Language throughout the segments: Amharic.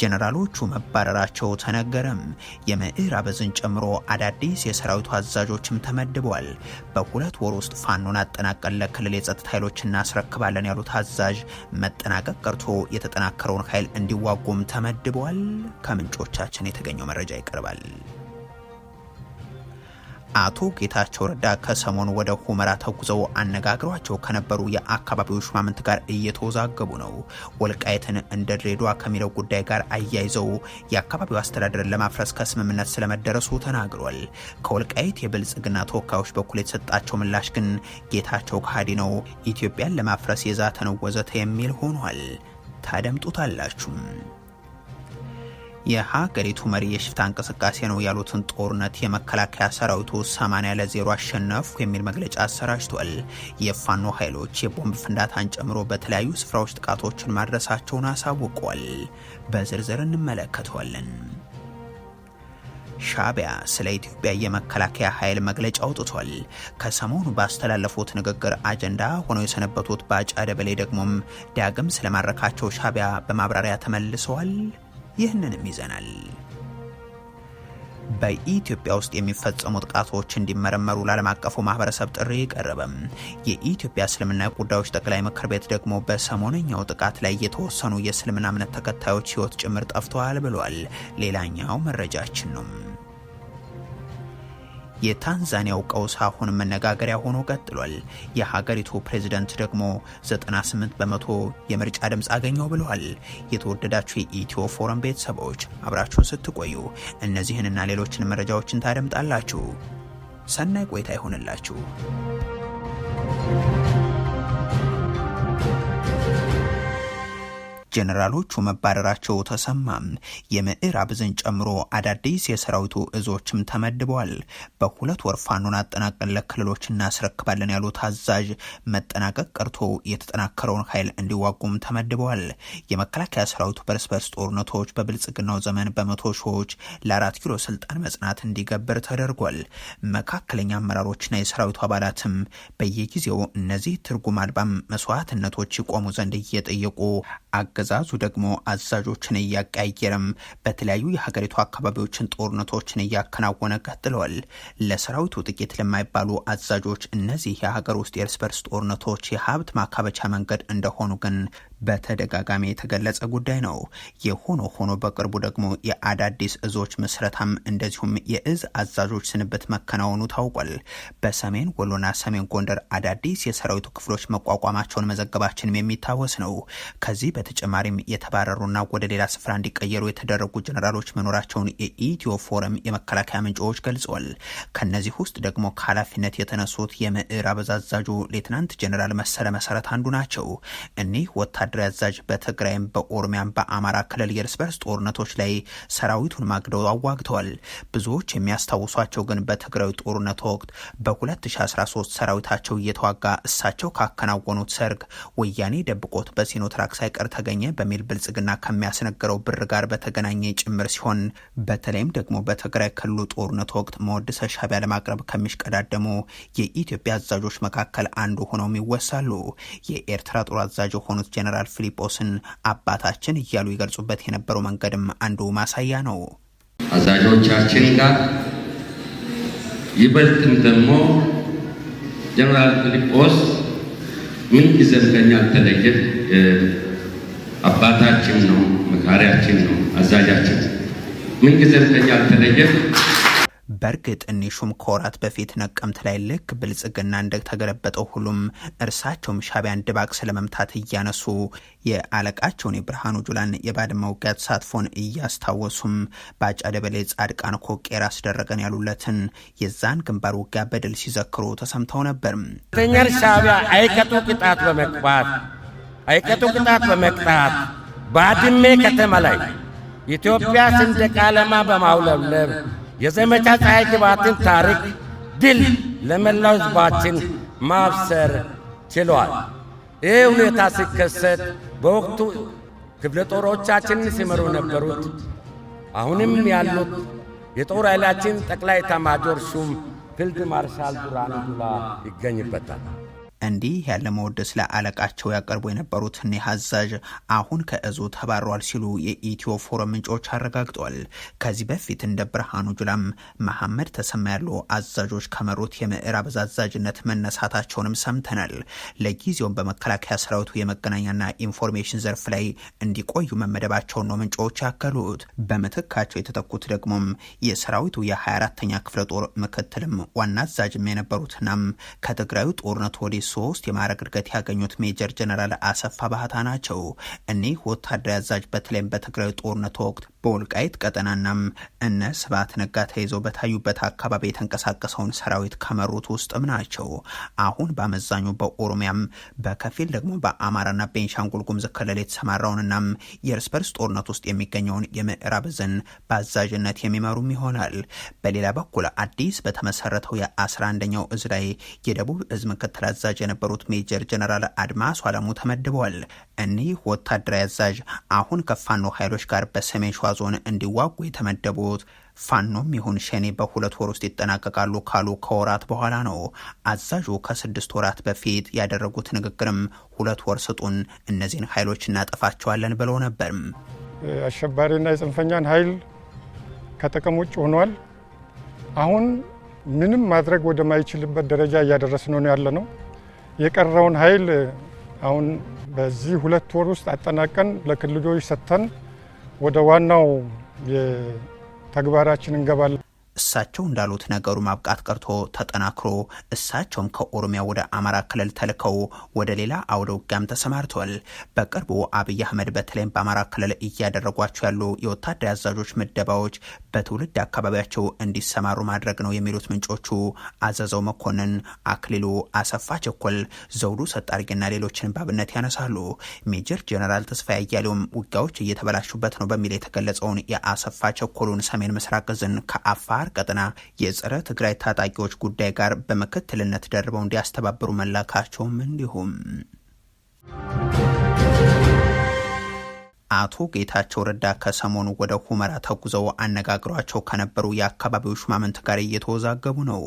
ጀነራሎቹ መባረራቸው ተነገረም። የምዕራብ ዕዝን ጨምሮ አዳዲስ የሰራዊቱ አዛዦችም ተመድበዋል። በሁለት ወር ውስጥ ፋኖን አጠናቀለ ክልል የጸጥታ ኃይሎች እናስረክባለን ያሉት አዛዥ መጠናቀቅ ቀርቶ የተጠናከረውን ኃይል እንዲዋጉም ተመድበዋል። ከምንጮቻችን የተገኘው መረጃ ይቀርባል። አቶ ጌታቸው ረዳ ከሰሞኑ ወደ ሁመራ ተጉዘው አነጋግሯቸው ከነበሩ የአካባቢው ሹማምንት ጋር እየተወዛገቡ ነው። ወልቃይትን እንደ ድሬዷ ከሚለው ጉዳይ ጋር አያይዘው የአካባቢው አስተዳደርን ለማፍረስ ከስምምነት ስለመደረሱ ተናግሯል። ከወልቃይት የብልጽግና ተወካዮች በኩል የተሰጣቸው ምላሽ ግን ጌታቸው ከሃዲ ነው፣ ኢትዮጵያን ለማፍረስ የዛተ ነው ወዘተ የሚል ሆኗል። ታደምጡታላችሁም። የሀገሪቱ መሪ የሽፍታ እንቅስቃሴ ነው ያሉትን ጦርነት የመከላከያ ሰራዊቱ 80 ለዜሮ አሸነፉ የሚል መግለጫ አሰራጅቷል። የፋኖ ኃይሎች የቦምብ ፍንዳታን ጨምሮ በተለያዩ ስፍራዎች ጥቃቶችን ማድረሳቸውን አሳውቋል። በዝርዝር እንመለከተዋለን። ሻቢያ ስለ ኢትዮጵያ የመከላከያ ኃይል መግለጫ አውጥቷል። ከሰሞኑ ባስተላለፉት ንግግር አጀንዳ ሆነው የሰነበቱት ባጫ ደበሌ ደግሞም ዳግም ስለማድረካቸው ሻቢያ በማብራሪያ ተመልሰዋል። ይህንንም ይዘናል። በኢትዮጵያ ውስጥ የሚፈጸሙ ጥቃቶች እንዲመረመሩ ለዓለም አቀፉ ማህበረሰብ ጥሪ ቀረበም። የኢትዮጵያ እስልምና ጉዳዮች ጠቅላይ ምክር ቤት ደግሞ በሰሞነኛው ጥቃት ላይ የተወሰኑ የእስልምና እምነት ተከታዮች ሕይወት ጭምር ጠፍተዋል ብሏል። ሌላኛው መረጃችን ነው። የታንዛኒያው ቀውስ አሁን መነጋገሪያ ሆኖ ቀጥሏል። የሀገሪቱ ፕሬዝደንት ደግሞ 98 በመቶ የምርጫ ድምፅ አገኘው ብለዋል። የተወደዳችሁ የኢትዮ ፎረም ቤተሰቦች አብራችሁን ስትቆዩ እነዚህንና ሌሎችን መረጃዎችን ታደምጣላችሁ። ሰናይ ቆይታ ይሆንላችሁ። ጄኔራሎቹ መባረራቸው ተሰማ። የምዕራብ ዕዝን ጨምሮ አዳዲስ የሰራዊቱ እዞችም ተመድበዋል። በሁለት ወር ፋኖን አጠናቀን ለክልሎች እናስረክባለን ያሉት አዛዥ መጠናቀቅ ቀርቶ የተጠናከረውን ኃይል እንዲዋጉም ተመድበዋል። የመከላከያ ሰራዊቱ በርስ በርስ ጦርነቶች በብልጽግናው ዘመን በመቶ ሺዎች ለአራት ኪሎ ስልጣን መጽናት እንዲገብር ተደርጓል። መካከለኛ አመራሮችና የሰራዊቱ አባላትም በየጊዜው እነዚህ ትርጉም አልባም መስዋዕትነቶች ይቆሙ ዘንድ እየጠየቁ አገዛ አገዛዙ ደግሞ አዛዦችን እያቀያየረም በተለያዩ የሀገሪቱ አካባቢዎችን ጦርነቶችን እያከናወነ ቀጥለዋል። ለሰራዊቱ ጥቂት ለማይባሉ አዛዦች እነዚህ የሀገር ውስጥ የእርስ በርስ ጦርነቶች የሀብት ማካበቻ መንገድ እንደሆኑ ግን በተደጋጋሚ የተገለጸ ጉዳይ ነው። የሆኖ ሆኖ በቅርቡ ደግሞ የአዳዲስ እዞች ምስረታም እንደዚሁም የእዝ አዛዦች ስንብት መከናወኑ ታውቋል። በሰሜን ወሎና ሰሜን ጎንደር አዳዲስ የሰራዊቱ ክፍሎች መቋቋማቸውን መዘገባችንም የሚታወስ ነው። ከዚህ በተጨማሪም የተባረሩና ወደ ሌላ ስፍራ እንዲቀየሩ የተደረጉ ጀነራሎች መኖራቸውን የኢትዮ ፎረም የመከላከያ ምንጮች ገልጸዋል። ከነዚህ ውስጥ ደግሞ ከኃላፊነት የተነሱት የምዕራብ አዛዡ ሌትናንት ጀነራል መሰለ መሰረት አንዱ ናቸው። እኒህ ወታደ ወታደራዊ አዛዥ በትግራይም በኦሮሚያም በአማራ ክልል የእርስ በርስ ጦርነቶች ላይ ሰራዊቱን ማግደው አዋግተዋል። ብዙዎች የሚያስታውሷቸው ግን በትግራዊ ጦርነት ወቅት በ2013 ሰራዊታቸው እየተዋጋ እሳቸው ካከናወኑት ሰርግ ወያኔ ደብቆት በሲኖ ትራክ ሳይቀር ተገኘ በሚል ብልጽግና ከሚያስነገረው ብር ጋር በተገናኘ ጭምር ሲሆን በተለይም ደግሞ በትግራይ ክልሉ ጦርነት ወቅት መወድሰ ሻቢያ ለማቅረብ ከሚሽቀዳደሙ የኢትዮጵያ አዛዦች መካከል አንዱ ሆነውም ይወሳሉ። የኤርትራ ጦር አዛዥ የሆኑት ጀነራል አመራር ፊሊጶስን አባታችን እያሉ ይገልጹበት የነበረው መንገድም አንዱ ማሳያ ነው። አዛዦቻችን ጋር ይበልጥም ደግሞ ጀነራል ፊሊጶስ ምን ጊዜም ከኛ አልተለየ አባታችን ነው፣ መካሪያችን ነው፣ አዛዣችን ምን ጊዜም ከኛ አልተለየ በእርግጥ እኒሹም ከወራት በፊት ነቀምት ላይ ልክ ብልጽግና እንደተገለበጠው ሁሉም እርሳቸውም ሻቢያን ድባቅ ስለመምታት እያነሱ የአለቃቸውን የብርሃኑ ጁላን የባድመ ውጊያ ተሳትፎን እያስታወሱም በአጫ ደበሌ ጻድቃን ኮቄር አስደረገን ያሉለትን የዛን ግንባር ውጊያ በድል ሲዘክሩ ተሰምተው ነበር። ተኛር ሻቢያ አይቀጡ ቅጣት በመቅባት አይቀጡ ቅጣት በመቅጣት ባድሜ ከተማ ላይ ኢትዮጵያ ሰንደቅ ዓላማ በማውለብለብ የዘመቻ ፀሐይ ግባትን ታሪክ ድል ለመላው ሕዝባችን ማብሰር ችሏል። ይህ ሁኔታ ሲከሰት በወቅቱ ክፍለ ጦሮቻችንን ሲመሩ የነበሩት አሁንም ያሉት የጦር ኃይላችን ጠቅላይ ኤታማዦር ሹም ፊልድ ማርሻል ብርሃኑ ጁላ ይገኝበታል። እንዲህ ያለ መወደስ ለአለቃቸው ያቀርቡ የነበሩት እኒህ አዛዥ አሁን ከእዙ ተባረዋል ሲሉ የኢትዮ ፎረም ምንጮች አረጋግጠዋል። ከዚህ በፊት እንደ ብርሃኑ ጁላም መሐመድ ተሰማ ያሉ አዛዦች ከመሩት የምዕራብ አዛዥነት መነሳታቸውንም ሰምተናል። ለጊዜውም በመከላከያ ሰራዊቱ የመገናኛና ኢንፎርሜሽን ዘርፍ ላይ እንዲቆዩ መመደባቸውን ነው ምንጮች ያከሉት። በምትካቸው የተተኩት ደግሞም የሰራዊቱ የ24ተኛ ክፍለ ጦር ምክትልም ዋና አዛዥም የነበሩትናም ከትግራዩ ጦርነት ወዲህ ሶስት የማዕረግ እድገት ያገኙት ሜጀር ጀነራል አሰፋ ባህታ ናቸው። እኒህ ወታደር አዛዥ በተለይም በትግራይ ጦርነት ወቅት በወልቃይት ቀጠናናም እነ ስብሐት ነጋ ተይዘው በታዩበት አካባቢ የተንቀሳቀሰውን ሰራዊት ከመሩት ውስጥም ናቸው። አሁን በአመዛኙ በኦሮሚያም በከፊል ደግሞ በአማራና ቤንሻንጉል ጉምዝ ክልል የተሰማራውንናም የእርስ በርስ ጦርነት ውስጥ የሚገኘውን የምዕራብ ዕዝን በአዛዥነት የሚመሩም ይሆናል። በሌላ በኩል አዲስ በተመሰረተው የ11ኛው እዝ ላይ የደቡብ እዝ ምክትል አዛዥ የነበሩት ሜጀር ጀነራል አድማሱ አለሙ ተመድበዋል። እኒህ ወታደራዊ አዛዥ አሁን ከፋኖ ኃይሎች ጋር በሰሜን ሸዋ ዞን እንዲዋጉ የተመደቡት ፋኖም ይሁን ሸኔ በሁለት ወር ውስጥ ይጠናቀቃሉ ካሉ ከወራት በኋላ ነው። አዛዡ ከስድስት ወራት በፊት ያደረጉት ንግግርም ሁለት ወር ስጡን፣ እነዚህን ኃይሎች እናጠፋቸዋለን ብለው ነበርም። አሸባሪና የጽንፈኛን ኃይል ከጥቅም ውጭ ሆኗል። አሁን ምንም ማድረግ ወደማይችልበት ደረጃ እያደረስ ነው ያለ ነው። የቀረውን ኃይል አሁን በዚህ ሁለት ወር ውስጥ አጠናቀን ለክልሎች ሰጥተን ወደ ዋናው ተግባራችን እንገባለን። እሳቸው እንዳሉት ነገሩ ማብቃት ቀርቶ ተጠናክሮ እሳቸውም ከኦሮሚያ ወደ አማራ ክልል ተልከው ወደ ሌላ አውደ ውጊያም ተሰማርተዋል። በቅርቡ አብይ አህመድ በተለይም በአማራ ክልል እያደረጓቸው ያሉ የወታደር አዛዦች ምደባዎች በትውልድ አካባቢያቸው እንዲሰማሩ ማድረግ ነው የሚሉት ምንጮቹ አዘዘው መኮንን፣ አክሊሉ አሰፋ፣ ቸኮል ዘውዱ፣ ሰጣርጌና ሌሎችን ባብነት ያነሳሉ። ሜጀር ጀነራል ተስፋ ያያሌውም ውጊያዎች እየተበላሹበት ነው በሚል የተገለጸውን የአሰፋ ቸኮሉን ሰሜን ምስራቅ እዝን ከአፋር በአፋር ቀጠና የጸረ ትግራይ ታጣቂዎች ጉዳይ ጋር በምክትልነት ደርበው እንዲያስተባብሩ መላካቸውም እንዲሁም አቶ ጌታቸው ረዳ ከሰሞኑ ወደ ሁመራ ተጉዘው አነጋግሯቸው ከነበሩ የአካባቢው ሹማምንት ጋር እየተወዛገቡ ነው።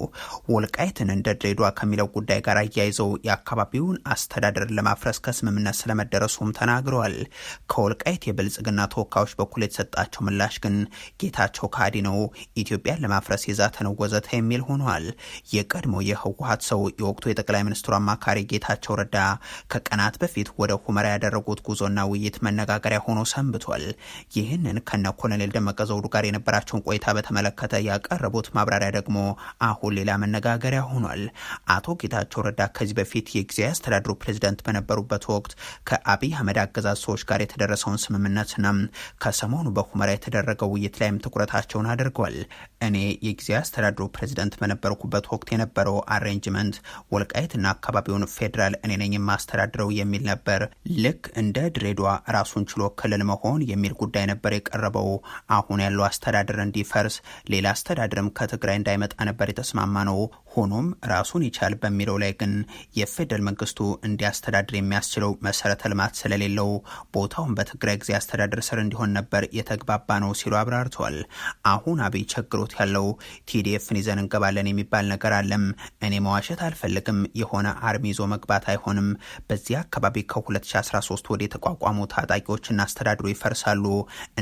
ወልቃይትን እንደ ድሬዷ ከሚለው ጉዳይ ጋር አያይዘው የአካባቢውን አስተዳደር ለማፍረስ ከስምምነት ስለመደረሱም ተናግረዋል። ከወልቃይት የብልጽግና ተወካዮች በኩል የተሰጣቸው ምላሽ ግን ጌታቸው ካዲ ነው፣ ኢትዮጵያን ለማፍረስ የዛተ ነው፣ ወዘተ የሚል ሆኗል። የቀድሞ የህወሀት ሰው የወቅቱ የጠቅላይ ሚኒስትሩ አማካሪ ጌታቸው ረዳ ከቀናት በፊት ወደ ሁመራ ያደረጉት ጉዞና ውይይት መነጋገሪያ ሆኖ ሰንብቷል። ይህንን ከነ ኮሎኔል ደመቀ ዘውዱ ጋር የነበራቸውን ቆይታ በተመለከተ ያቀረቡት ማብራሪያ ደግሞ አሁን ሌላ መነጋገሪያ ሆኗል። አቶ ጌታቸው ረዳ ከዚህ በፊት የጊዜያዊ አስተዳድሩ ፕሬዚደንት በነበሩበት ወቅት ከአብይ አህመድ አገዛዝ ሰዎች ጋር የተደረሰውን ስምምነትና ከሰሞኑ በሁመራ የተደረገው ውይይት ላይም ትኩረታቸውን አድርገዋል። እኔ የጊዜያዊ አስተዳድሩ ፕሬዚደንት በነበርኩበት ወቅት የነበረው አሬንጅመንት ወልቃይትና አካባቢውን ፌዴራል እኔ ነኝ የማስተዳድረው የሚል ነበር። ልክ እንደ ድሬዷ ራሱን ችሎ ክልል መሆን የሚል ጉዳይ ነበር የቀረበው። አሁን ያለው አስተዳደር እንዲፈርስ፣ ሌላ አስተዳደርም ከትግራይ እንዳይመጣ ነበር የተስማማ ነው። ሆኖም ራሱን ይቻል በሚለው ላይ ግን የፌዴራል መንግስቱ እንዲያስተዳድር የሚያስችለው መሰረተ ልማት ስለሌለው ቦታውን በትግራይ ጊዜ አስተዳደር ስር እንዲሆን ነበር የተግባባ ነው ሲሉ አብራርተዋል። አሁን አብይ ቸግሮ እያደረጉት ያለው ቲዲኤፍን ይዘን እንገባለን የሚባል ነገር አለም። እኔ መዋሸት አልፈልግም። የሆነ አርሚ ይዞ መግባት አይሆንም። በዚህ አካባቢ ከ2013 ወደ የተቋቋሙ ታጣቂዎችና አስተዳድሮ ይፈርሳሉ።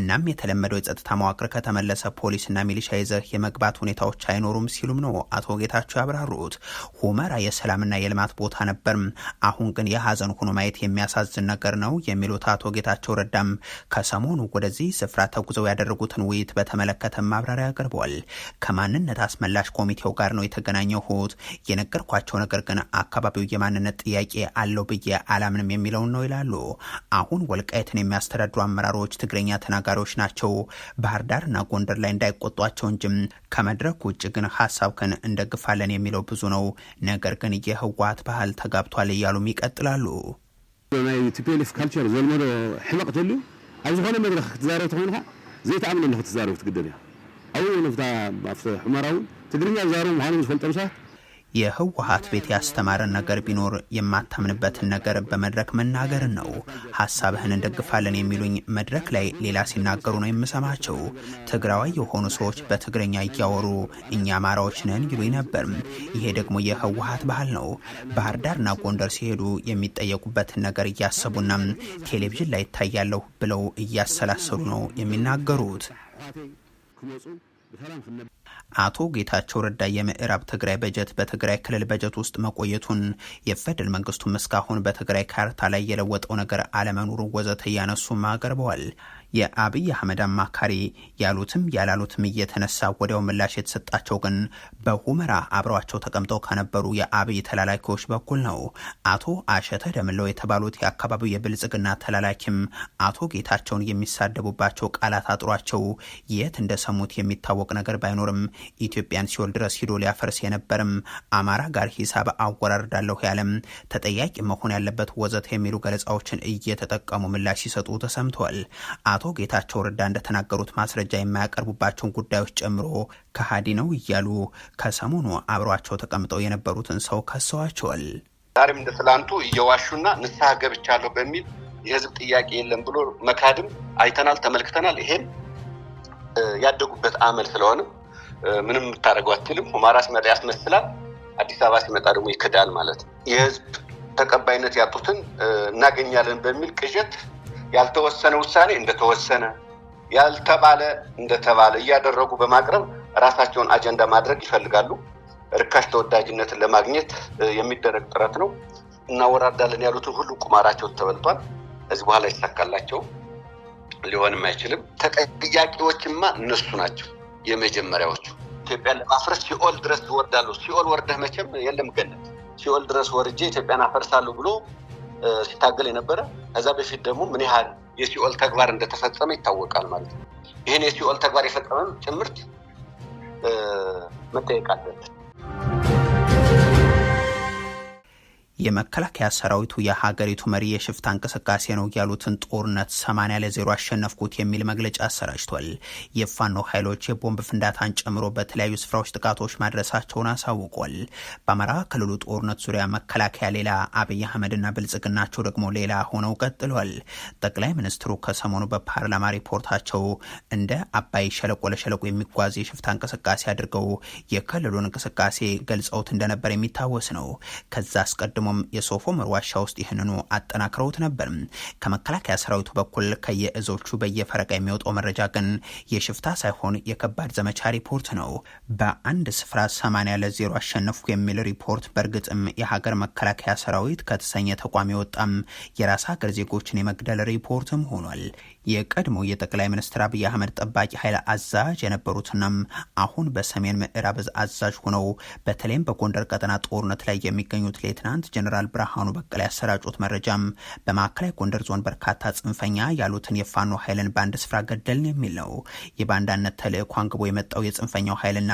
እናም የተለመደው የጸጥታ መዋቅር ከተመለሰ ፖሊስና ሚሊሻ ይዘህ የመግባት ሁኔታዎች አይኖሩም ሲሉም ነው አቶ ጌታቸው ያብራሩት። ሁመራ የሰላምና የልማት ቦታ ነበርም። አሁን ግን የሀዘን ሆኖ ማየት የሚያሳዝን ነገር ነው የሚሉት አቶ ጌታቸው ረዳም ከሰሞኑ ወደዚህ ስፍራ ተጉዘው ያደረጉትን ውይይት በተመለከተ ማብራሪያ አቅርበዋል። ከማንነት አስመላሽ ኮሚቴው ጋር ነው የተገናኘሁት። የነገርኳቸው ነገር ግን አካባቢው የማንነት ጥያቄ አለው ብዬ አላምንም የሚለውን ነው ይላሉ። አሁን ወልቃይትን የሚያስተዳድሩ አመራሮች ትግረኛ ተናጋሪዎች ናቸው። ባህር ዳርና ጎንደር ላይ እንዳይቆጧቸው እንጂም ከመድረክ ውጭ ግን ሀሳብ ክን እንደግፋለን የሚለው ብዙ ነው። ነገር ግን የህወሓት ባህል ተጋብቷል እያሉም ይቀጥላሉ። ናይ ቲፒኤልኤፍ ካልቸር ዘልመዶ ሕማቅ ተልዩ ኣብ ዝኾነ መድረክ ክትዛረብ ተኮይንካ ዘይተኣምነሉ ክትዛረብ ክትግደል እያ የህወሀት ቤት ያስተማረን ነገር ቢኖር የማታምንበትን ነገር በመድረክ መናገርን ነው። ሀሳብህን እንደግፋለን የሚሉኝ መድረክ ላይ ሌላ ሲናገሩ ነው የምሰማቸው። ትግራዋይ የሆኑ ሰዎች በትግረኛ እያወሩ እኛ አማራዎች ነን ይሉኝ ነበር። ይሄ ደግሞ የህወሀት ባህል ነው። ባህር ዳርና ጎንደር ሲሄዱ የሚጠየቁበትን ነገር እያሰቡና ቴሌቪዥን ላይ ይታያለሁ ብለው እያሰላሰሉ ነው የሚናገሩት። ክመፁ ብሰላም ክነ አቶ ጌታቸው ረዳ የምዕራብ ትግራይ በጀት በትግራይ ክልል በጀት ውስጥ መቆየቱን የፌደራል መንግስቱም እስካሁን በትግራይ ካርታ ላይ የለወጠው ነገር አለመኖሩ ወዘተ እያነሱም አቅርበዋል። የአብይ አህመድ አማካሪ ያሉትም ያላሉትም እየተነሳ ወዲያው ምላሽ የተሰጣቸው ግን በሁመራ አብረዋቸው ተቀምጠው ከነበሩ የአብይ ተላላኪዎች በኩል ነው። አቶ አሸተ ደምለው የተባሉት የአካባቢው የብልጽግና ተላላኪም አቶ ጌታቸውን የሚሳደቡባቸው ቃላት አጥሯቸው የት እንደሰሙት የሚታወቅ ነገር ባይኖርም ኢትዮጵያን ሲወል ድረስ ሂዶ ሊያፈርስ የነበርም አማራ ጋር ሂሳብ አወራርዳለሁ ያለም ተጠያቂ መሆን ያለበት ወዘተ የሚሉ ገለጻዎችን እየተጠቀሙ ምላሽ ሲሰጡ ተሰምተዋል። አቶ ጌታቸው ረዳ እንደተናገሩት ማስረጃ የማያቀርቡባቸውን ጉዳዮች ጨምሮ ከሀዲ ነው እያሉ ከሰሞኑ አብሯቸው ተቀምጠው የነበሩትን ሰው ከሰዋቸዋል። ዛሬም እንደ ትላንቱ እየዋሹና ንስሐ ገብቻለሁ በሚል የህዝብ ጥያቄ የለም ብሎ መካድም አይተናል፣ ተመልክተናል። ይሄም ያደጉበት አመል ስለሆነ ምንም የምታደርገው አትልም። ሁማራ ሲመጣ ያስመስላል፣ አዲስ አበባ ሲመጣ ደግሞ ይክዳል ማለት ነው። የህዝብ ተቀባይነት ያጡትን እናገኛለን በሚል ቅዠት ያልተወሰነ ውሳኔ እንደተወሰነ ያልተባለ እንደተባለ እያደረጉ በማቅረብ ራሳቸውን አጀንዳ ማድረግ ይፈልጋሉ። እርካሽ ተወዳጅነትን ለማግኘት የሚደረግ ጥረት ነው። እናወራዳለን ያሉትን ሁሉ ቁማራቸው ተበልቷል። እዚህ በኋላ ይሳካላቸው ሊሆንም አይችልም። ተጠያቂዎችማ እነሱ ናቸው የመጀመሪያዎቹ። ኢትዮጵያን ለማፍረስ ሲኦል ድረስ ወርዳሉ ሲኦል ወርደህ መቼም የለም ገነት። ሲኦል ድረስ ወርጄ ኢትዮጵያን አፈርሳለሁ ብሎ ሲታገል የነበረ ከዛ በፊት ደግሞ ምን ያህል የሲኦል ተግባር እንደተፈጸመ ይታወቃል ማለት ነው። ይህን የሲኦል ተግባር የፈጸመም ጭምርት መጠየቅ አለበት። የመከላከያ ሰራዊቱ የሀገሪቱ መሪ የሽፍታ እንቅስቃሴ ነው ያሉትን ጦርነት 80 ለዜሮ አሸነፍኩት የሚል መግለጫ አሰራጭቷል። የፋኖ ኃይሎች የቦምብ ፍንዳታን ጨምሮ በተለያዩ ስፍራዎች ጥቃቶች ማድረሳቸውን አሳውቋል። በአማራ ክልሉ ጦርነት ዙሪያ መከላከያ ሌላ፣ አብይ አህመድና ብልጽግናቸው ደግሞ ሌላ ሆነው ቀጥሏል። ጠቅላይ ሚኒስትሩ ከሰሞኑ በፓርላማ ሪፖርታቸው እንደ አባይ ሸለቆ ለሸለቆ የሚጓዝ የሽፍታ እንቅስቃሴ አድርገው የክልሉን እንቅስቃሴ ገልጸውት እንደነበር የሚታወስ ነው። ከዛ አስቀድሞ የሶፎ የሶፎመር ዋሻ ውስጥ ይህንኑ አጠናክረውት ነበር። ከመከላከያ ሰራዊቱ በኩል ከየእዞቹ በየፈረቃ የሚወጣው መረጃ ግን የሽፍታ ሳይሆን የከባድ ዘመቻ ሪፖርት ነው። በአንድ ስፍራ 80 ለዜሮ አሸነፉ የሚል ሪፖርት በእርግጥም የሀገር መከላከያ ሰራዊት ከተሰኘ ተቋም የወጣም የራስ ሀገር ዜጎችን የመግደል ሪፖርትም ሆኗል። የቀድሞ የጠቅላይ ሚኒስትር አብይ አህመድ ጠባቂ ኃይል አዛዥ የነበሩትንም አሁን በሰሜን ምዕራብ እዝ አዛዥ ሆነው በተለይም በጎንደር ቀጠና ጦርነት ላይ የሚገኙት ሌትናንት ጀኔራል ብርሃኑ በቀለ ያሰራጩት መረጃም በማዕከላዊ ጎንደር ዞን በርካታ ጽንፈኛ ያሉትን የፋኖ ኃይልን በአንድ ስፍራ ገደልን የሚል ነው። የባንዳነት ተልእኮ አንግቦ የመጣው የጽንፈኛው ኃይልና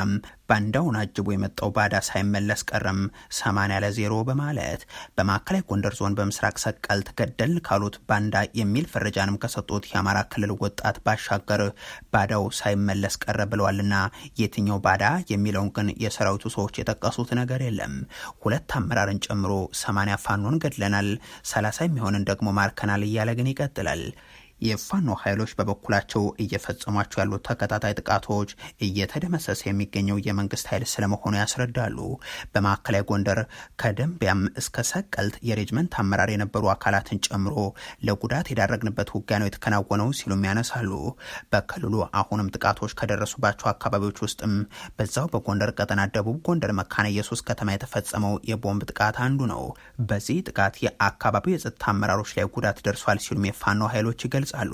ባንዳውን አጅቦ የመጣው ባዳ ሳይመለስ ቀረም 80 ዜሮ በማለት በማዕከላዊ ጎንደር ዞን በምስራቅ ሰቀልት ገደል ካሉት ባንዳ የሚል ፈረጃንም ከሰጡት የአማራ ክልል ወጣት ባሻገር ባዳው ሳይመለስ ቀረ ብለዋልና የትኛው ባዳ የሚለውን ግን የሰራዊቱ ሰዎች የጠቀሱት ነገር የለም። ሁለት አመራርን ጨምሮ 80 ፋኖን ገድለናል፣ 30 የሚሆንን ደግሞ ማርከናል እያለ ግን ይቀጥላል። የፋኖ ኃይሎች በበኩላቸው እየፈጸሟቸው ያሉ ተከታታይ ጥቃቶች እየተደመሰሰ የሚገኘው የመንግስት ኃይል ስለመሆኑ ያስረዳሉ። በማዕከላዊ ጎንደር ከደንቢያም እስከ ሰቀልት የሬጅመንት አመራር የነበሩ አካላትን ጨምሮ ለጉዳት የዳረግንበት ውጊያ ነው የተከናወነው ሲሉም ያነሳሉ። በክልሉ አሁንም ጥቃቶች ከደረሱባቸው አካባቢዎች ውስጥም በዛው በጎንደር ቀጠና ደቡብ ጎንደር መካነ ኢየሱስ ከተማ የተፈጸመው የቦምብ ጥቃት አንዱ ነው። በዚህ ጥቃት የአካባቢው የጸጥታ አመራሮች ላይ ጉዳት ደርሷል ሲሉም የፋኖ ኃይሎች ይገል ይገልጻሉ።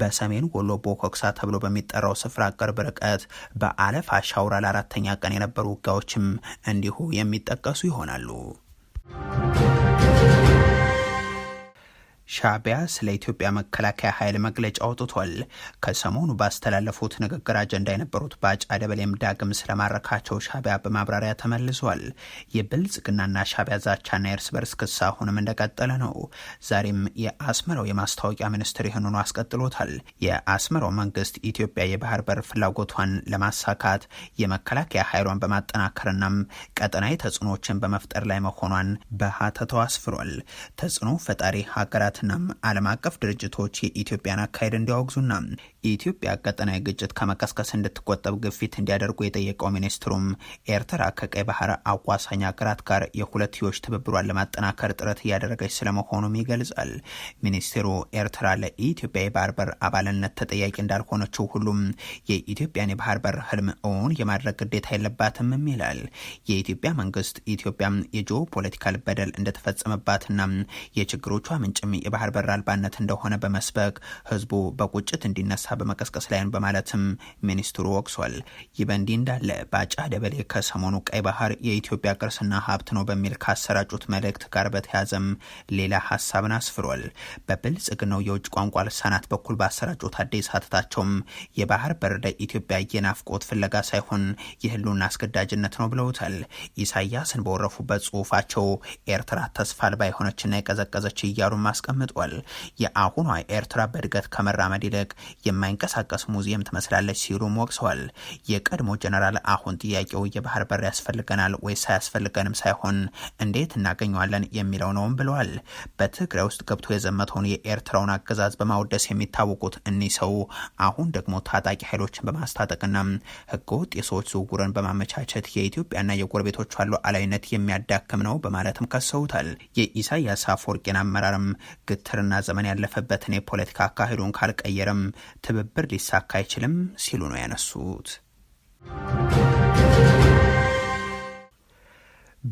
በሰሜን ወሎ ቦኮክሳ ተብሎ በሚጠራው ስፍራ ቅርብ ርቀት በአለፍ አሻውራ ለአራተኛ ቀን የነበሩ ውጊያዎችም እንዲሁ የሚጠቀሱ ይሆናሉ። ሻቢያ ስለ ኢትዮጵያ መከላከያ ኃይል መግለጫ አውጥቷል። ከሰሞኑ ባስተላለፉት ንግግር አጀንዳ የነበሩት በአጫ ደበሌም ዳግም ስለማረካቸው ሻቢያ በማብራሪያ ተመልሷል። የብልጽግናና ሻቢያ ዛቻና የእርስ በርስ ክስ አሁንም እንደቀጠለ ነው። ዛሬም የአስመራው የማስታወቂያ ሚኒስትር ይህንኑ አስቀጥሎታል። የአስመራው መንግስት ኢትዮጵያ የባህር በር ፍላጎቷን ለማሳካት የመከላከያ ኃይሏን በማጠናከርናም ቀጠናዊ ተጽዕኖዎችን በመፍጠር ላይ መሆኗን በሀተተው አስፍሯል። ተጽዕኖ ፈጣሪ ሀገራት መንግስታትናም ዓለም አቀፍ ድርጅቶች የኢትዮጵያን አካሄድ እንዲያወግዙና ኢትዮጵያ ቀጠናዊ ግጭት ከመቀስቀስ እንድትቆጠብ ግፊት እንዲያደርጉ የጠየቀው ሚኒስትሩም ኤርትራ ከቀይ ባህር አዋሳኝ ሀገራት ጋር የሁለትዮሽ ትብብሯን ለማጠናከር ጥረት እያደረገች ስለመሆኑም ይገልጻል። ሚኒስትሩ ኤርትራ ለኢትዮጵያ የባህር በር አባልነት ተጠያቂ እንዳልሆነችው ሁሉም የኢትዮጵያን የባህር በር ህልም እውን የማድረግ ግዴታ የለባትምም ይላል። የኢትዮጵያ መንግስት ኢትዮጵያ የጂኦ ፖለቲካል በደል እንደተፈጸመባትና የችግሮቿ ምንጭም የባህር በር አልባነት እንደሆነ በመስበክ ህዝቡ በቁጭት እንዲነሳ በመቀስቀስ ላይ ነው በማለትም ሚኒስትሩ ወቅሷል። ይህ በእንዲህ እንዳለ ባጫ ደበሌ ከሰሞኑ ቀይ ባህር የኢትዮጵያ ቅርስና ሀብት ነው በሚል ካሰራጩት መልእክት ጋር በተያዘም ሌላ ሀሳብን አስፍሯል። በብልጽግናው የውጭ ቋንቋ ልሳናት በኩል ባሰራጩት አዲስ ሀተታቸውም የባህር በር ለኢትዮጵያ የናፍቆት ፍለጋ ሳይሆን የህልውና አስገዳጅነት ነው ብለውታል። ኢሳያስን በወረፉበት ጽሁፋቸው ኤርትራ ተስፋ አልባ የሆነችና የቀዘቀዘች እያሉ ማስቀ አስቀምጧል። የአሁኗ ኤርትራ በእድገት ከመራመድ ይልቅ የማይንቀሳቀስ ሙዚየም ትመስላለች ሲሉም ወቅሰዋል። የቀድሞ ጀነራል አሁን ጥያቄው የባህር በር ያስፈልገናል ወይስ አያስፈልገንም ሳይሆን እንዴት እናገኘዋለን የሚለው ነውም ብለዋል። በትግራይ ውስጥ ገብቶ የዘመተውን የኤርትራውን አገዛዝ በማውደስ የሚታወቁት እኒህ ሰው አሁን ደግሞ ታጣቂ ኃይሎችን በማስታጠቅና ህገወጥ የሰዎች ዝውውርን በማመቻቸት የኢትዮጵያና የጎረቤቶቿ ሉዓላዊነት የሚያዳክም ነው በማለትም ከሰውታል። የኢሳያስ አፈወርቂን አመራርም ግትርና ዘመን ያለፈበትን የፖለቲካ አካሄዱን ካልቀየረም ትብብር ሊሳካ አይችልም ሲሉ ነው ያነሱት።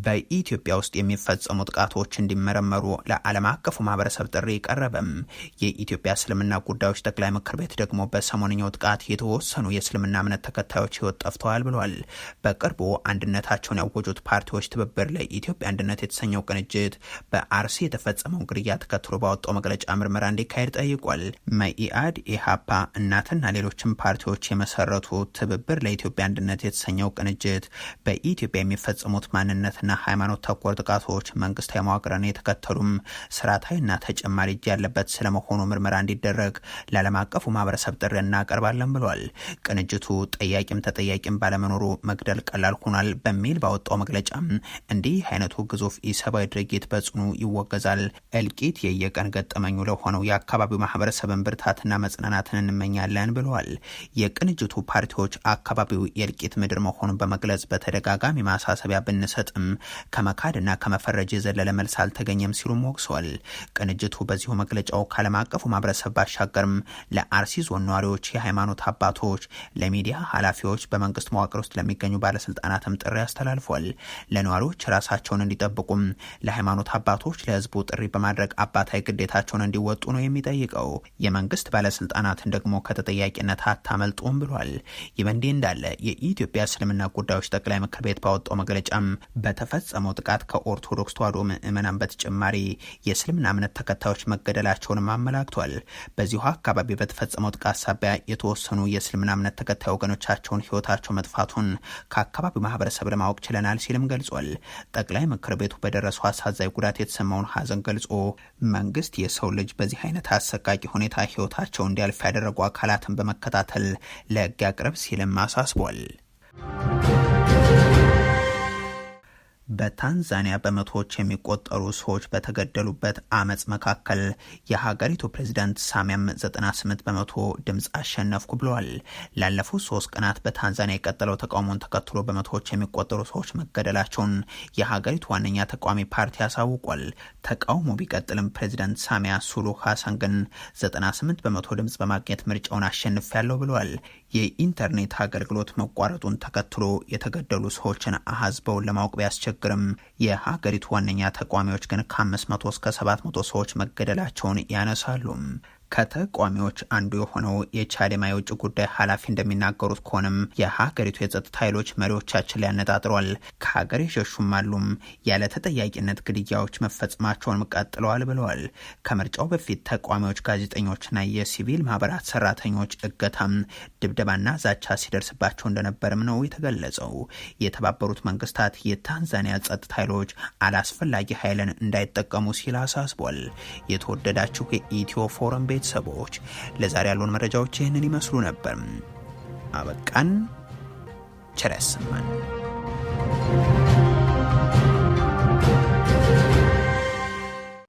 በኢትዮጵያ ውስጥ የሚፈጸሙ ጥቃቶች እንዲመረመሩ ለዓለም አቀፉ ማህበረሰብ ጥሪ ቀረበም። የኢትዮጵያ እስልምና ጉዳዮች ጠቅላይ ምክር ቤት ደግሞ በሰሞንኛው ጥቃት የተወሰኑ የእስልምና እምነት ተከታዮች ህይወት ጠፍተዋል ብሏል። በቅርቡ አንድነታቸውን ያወጁት ፓርቲዎች ትብብር ለኢትዮጵያ አንድነት የተሰኘው ቅንጅት በአርሲ የተፈጸመው ግድያ ተከትሎ ባወጣው መግለጫ ምርመራ እንዲካሄድ ጠይቋል። መኢአድ፣ ኢሃፓ፣ እናትና ሌሎችም ፓርቲዎች የመሰረቱ ትብብር ለኢትዮጵያ አንድነት የተሰኘው ቅንጅት በኢትዮጵያ የሚፈጸሙት ማንነት ጥቃትና ሃይማኖት ተኮር ጥቃቶች መንግስታዊ መዋቅርን የተከተሉም ስርዓታዊና ተጨማሪ እጅ ያለበት ስለመሆኑ ምርመራ እንዲደረግ ለዓለም አቀፉ ማህበረሰብ ጥሪ እናቀርባለን ብሏል። ቅንጅቱ ጠያቂም ተጠያቂም ባለመኖሩ መግደል ቀላል ሆኗል በሚል ባወጣው መግለጫ እንዲህ አይነቱ ግዙፍ ኢሰብአዊ ድርጊት በጽኑ ይወገዛል። እልቂት የየቀን ገጠመኙ ለሆነው የአካባቢው ማህበረሰብን ብርታትና መጽናናትን እንመኛለን ብለዋል። የቅንጅቱ ፓርቲዎች አካባቢው የእልቂት ምድር መሆኑን በመግለጽ በተደጋጋሚ ማሳሰቢያ ብንሰጥም ከመካድና ከመፈረጅ የዘለለ መልስ አልተገኘም ሲሉም ወቅሰዋል። ቅንጅቱ በዚሁ መግለጫው ከዓለም አቀፉ ማህበረሰብ ባሻገርም ለአርሲ ዞን ነዋሪዎች፣ የሃይማኖት አባቶች፣ ለሚዲያ ኃላፊዎች፣ በመንግስት መዋቅር ውስጥ ለሚገኙ ባለስልጣናትም ጥሪ አስተላልፏል። ለነዋሪዎች ራሳቸውን እንዲጠብቁም፣ ለሃይማኖት አባቶች፣ ለህዝቡ ጥሪ በማድረግ አባታዊ ግዴታቸውን እንዲወጡ ነው የሚጠይቀው። የመንግስት ባለስልጣናትን ደግሞ ከተጠያቂነት አታመልጡም ብሏል። ይህ በእንዲህ እንዳለ የኢትዮጵያ እስልምና ጉዳዮች ጠቅላይ ምክር ቤት ባወጣው መግለጫም በተፈጸመው ጥቃት ከኦርቶዶክስ ተዋሕዶ ምእመናን በተጨማሪ የእስልምና እምነት ተከታዮች መገደላቸውንም አመላክቷል። በዚሁ አካባቢ በተፈጸመው ጥቃት ሳቢያ የተወሰኑ የእስልምና እምነት ተከታይ ወገኖቻቸውን ህይወታቸው መጥፋቱን ከአካባቢው ማህበረሰብ ለማወቅ ችለናል ሲልም ገልጿል። ጠቅላይ ምክር ቤቱ በደረሰው አሳዛኝ ጉዳት የተሰማውን ሀዘን ገልጾ መንግስት የሰው ልጅ በዚህ አይነት አሰቃቂ ሁኔታ ህይወታቸው እንዲያልፍ ያደረጉ አካላትን በመከታተል ለህግ ያቅርብ ሲልም አሳስቧል። በታንዛኒያ በመቶዎች የሚቆጠሩ ሰዎች በተገደሉበት አመፅ መካከል የሀገሪቱ ፕሬዚዳንት ሳሚያም 98 በመቶ ድምፅ አሸነፍኩ ብለዋል። ላለፉት ሶስት ቀናት በታንዛኒያ የቀጠለው ተቃውሞን ተከትሎ በመቶዎች የሚቆጠሩ ሰዎች መገደላቸውን የሀገሪቱ ዋነኛ ተቃዋሚ ፓርቲ አሳውቋል። ተቃውሞ ቢቀጥልም ፕሬዚዳንት ሳሚያ ሱሉ ሀሰን ግን 98 በመቶ ድምፅ በማግኘት ምርጫውን አሸንፍ ያለው ብለዋል። የኢንተርኔት አገልግሎት መቋረጡን ተከትሎ የተገደሉ ሰዎችን አሃዝ ለማወቅ ቢያስቸግርም የሀገሪቱ ዋነኛ ተቋሚዎች ግን ከ500 እስከ 700 ሰዎች መገደላቸውን ያነሳሉ። ከተቃዋሚዎች አንዱ የሆነው የቻሌማ የውጭ ጉዳይ ኃላፊ እንደሚናገሩት ከሆነም የሀገሪቱ የጸጥታ ኃይሎች መሪዎቻችን ላይ ያነጣጥሯል። ከሀገር የሸሹም አሉም ያለ ተጠያቂነት ግድያዎች መፈጸማቸውን ቀጥለዋል ብለዋል። ከምርጫው በፊት ተቃዋሚዎች፣ ጋዜጠኞችና የሲቪል ማህበራት ሰራተኞች እገታም፣ ድብደባና ዛቻ ሲደርስባቸው እንደነበርም ነው የተገለጸው። የተባበሩት መንግስታት የታንዛኒያ ጸጥታ ኃይሎች አላስፈላጊ ኃይልን እንዳይጠቀሙ ሲል አሳስቧል። የተወደዳችሁ የኢትዮ ፎረም ቤተሰቦች፣ ለዛሬ ያሉን መረጃዎች ይህንን ይመስሉ ነበር። አበቃን። ቸር ያሰማን።